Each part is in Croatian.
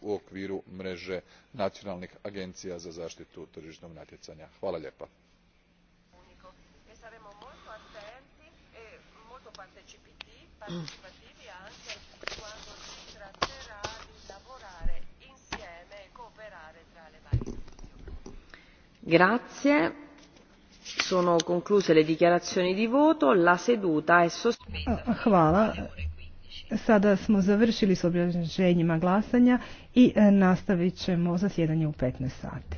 u okviru mreže nacionalnih agencija za zaštitu tržišnog natjecanja. hvala sono concluse le dichiarazioni di voto la seduta è sospesa. Ah, Sada smo završili s obrazloženjima glasanja i e, nastavit ćemo zasjedanje u 15 sati.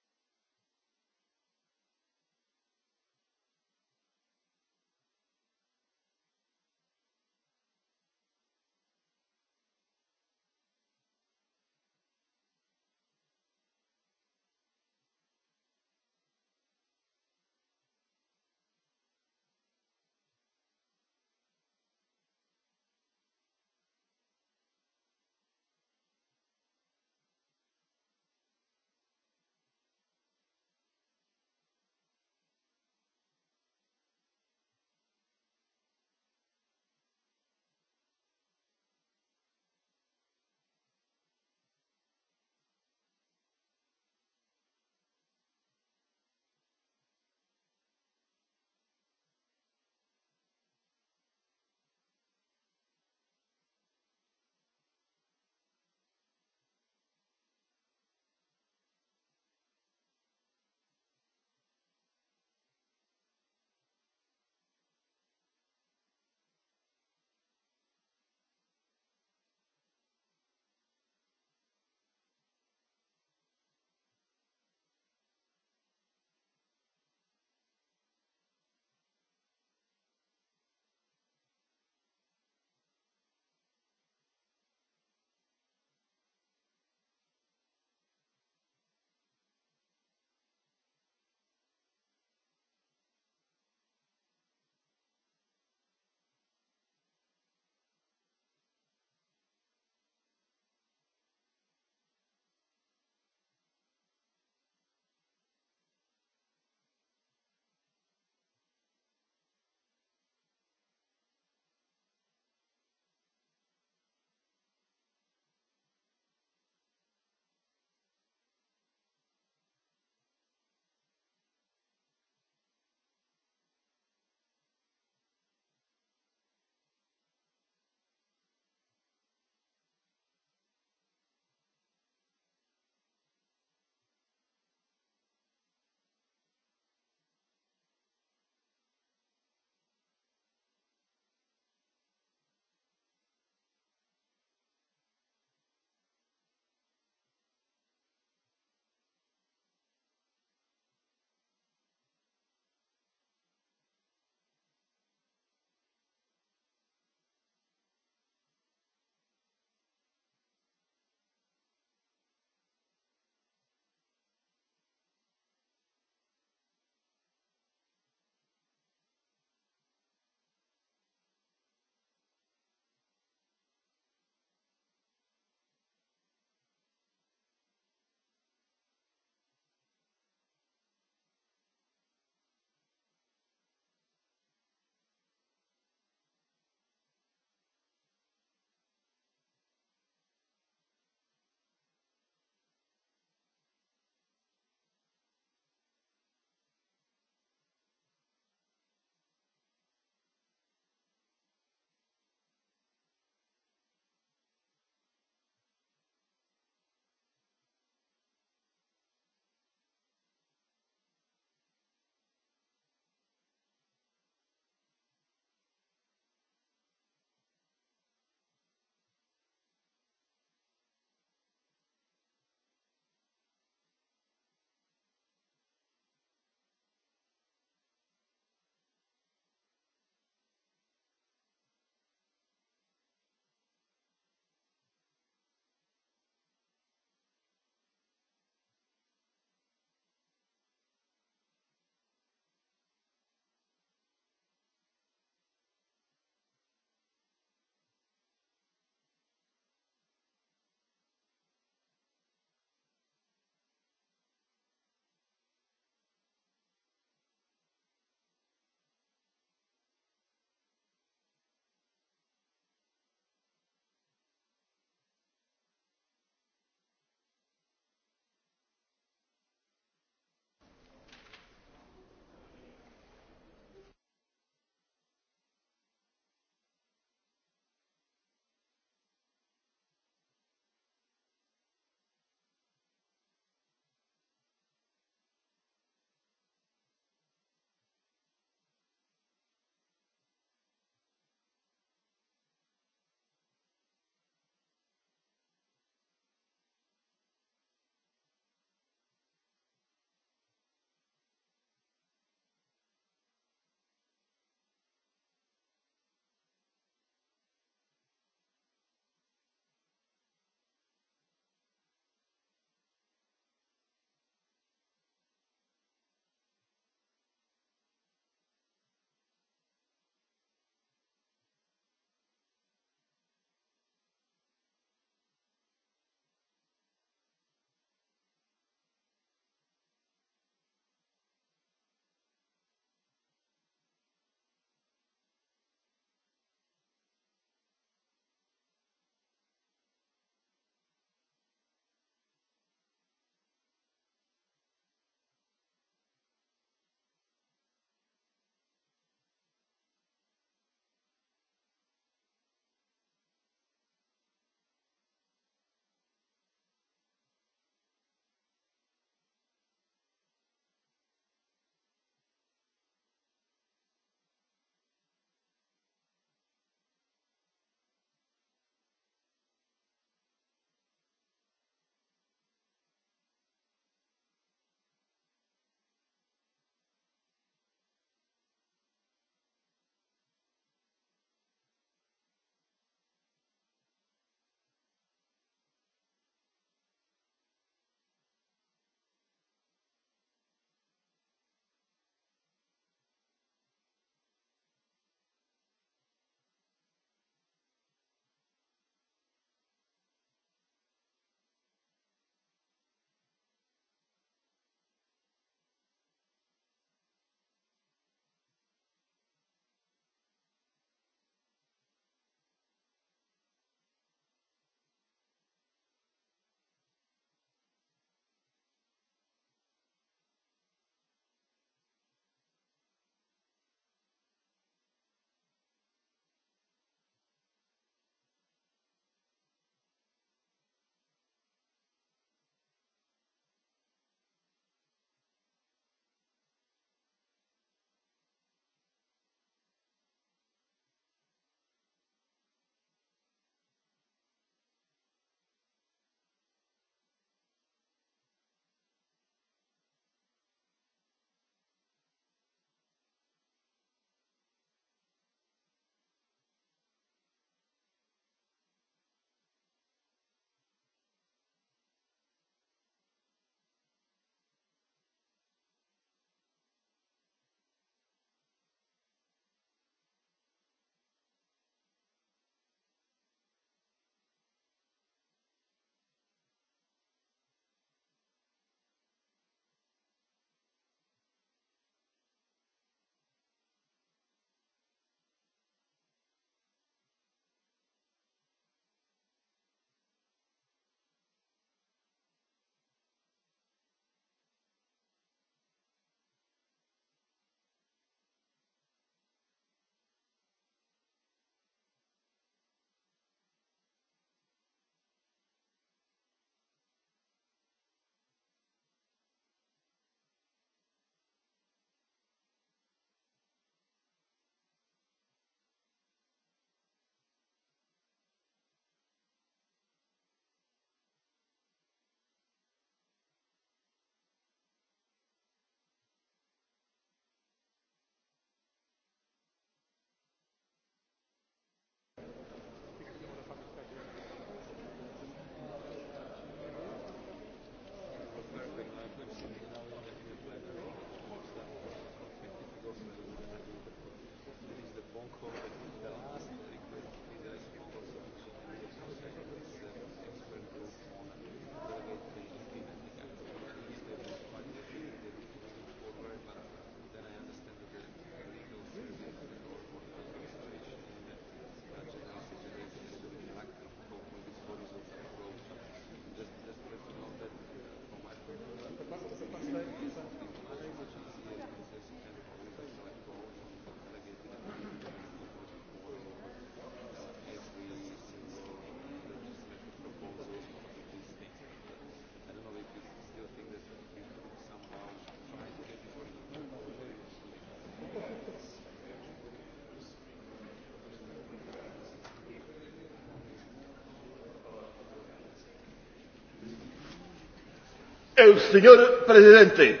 El señor presidente.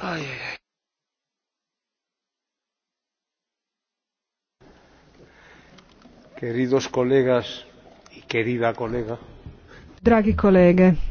Ay, Queridos colegas i querida kolega. Dragi kolege,